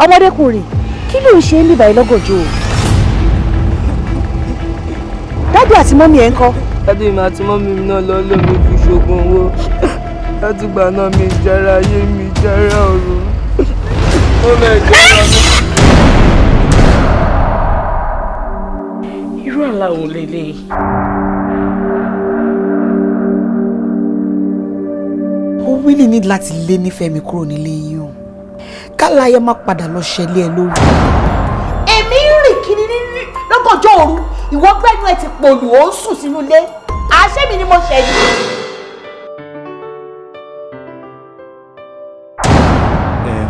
ọmọdékùnrin kí ló ń ṣe ń bíbá ìlọ́gọ̀jọ́ o dádì àti mọ́mí ẹ̀ ń kọ́. dádì mi àti mọ́mí mi náà lọ lómi fi ṣoògùn owó látìgbà náà mi jára ayé mi jára ọ̀run ó lè jára mi. irú àlá òun lélẹ́yìí. ó really need láti lé nífẹ̀ẹ́ mi kúrò nílé yìí o káláyé má padà lọ ṣẹlẹ̀ ẹ lórí. èmi ń rìn kiri lọ́gànjọ́ òru ìwọ gbẹ́nu ẹ ti pòlù ó ń sùn sínú ilé àṣẹ mi ni mo ṣẹ̀yìn.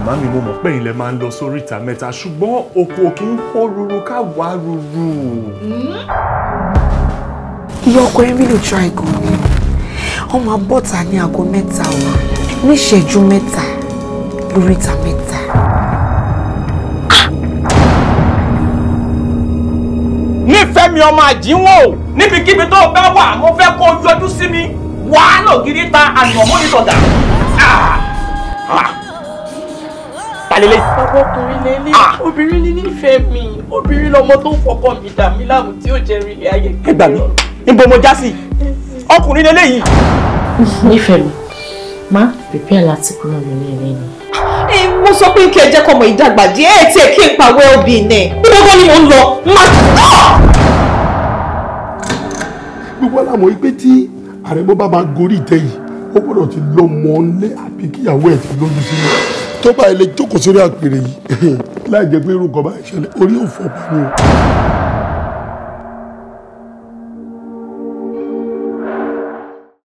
màmí mo mọ̀ pé ẹ̀yin lẹ máa ń lọ sórí ìta mẹ́ta ṣùgbọ́n òkú òkè ń hó ruru ká wá ruru. Hmm? ìyá ọkọ ẹ rí try gan ni ọmọ abọ́ta ní aago mẹ́ta ọ̀la ní mẹ́ta lórí ìta mẹ́ta. nífẹ̀ẹ́ mi ọmọ àjínwó níbikíbi tó bá wà mo fẹ́ kó o yọjú sí mi wàhálà ògiri ta ànàmọ́ ìtọ̀gà. Ah! Ah! Talele. Ọkùnrin lélẹ̀, ah! obìnrin ní nífẹ̀ẹ́ mi, obìnrin lọmọ tó fọkọ mi dà mí láàmú tí ó jẹ́ rí ilé ayé. Ẹ gbà mí, níbo mo já sí? Ọkùnrin lélẹ̀ yìí. Nífẹ̀ẹ́ mi, má pèpè láti kúrò nílé ẹlẹ́ni mo sọ pé kí ẹ jẹ́ kọ́mọ ìdàgbà díẹ̀ ẹ̀ tí ẹ kí n pa wẹ́ẹ̀bì ni gbogbo ni mo ń lọ má. gbogbo alámọ̀ yìí pé tí àrẹ̀mọ bá máa gorí ìtẹ́ yìí ó gbọ́dọ̀ ti lọ mọ́ ọ lé àbí kíyàwó ẹ̀ ti lójú sílẹ̀ tó bá ilé jókòó sórí àpèrè yìí láì jẹ́ pé irú nǹkan bá ṣẹlẹ̀ orí ò fọ́ pa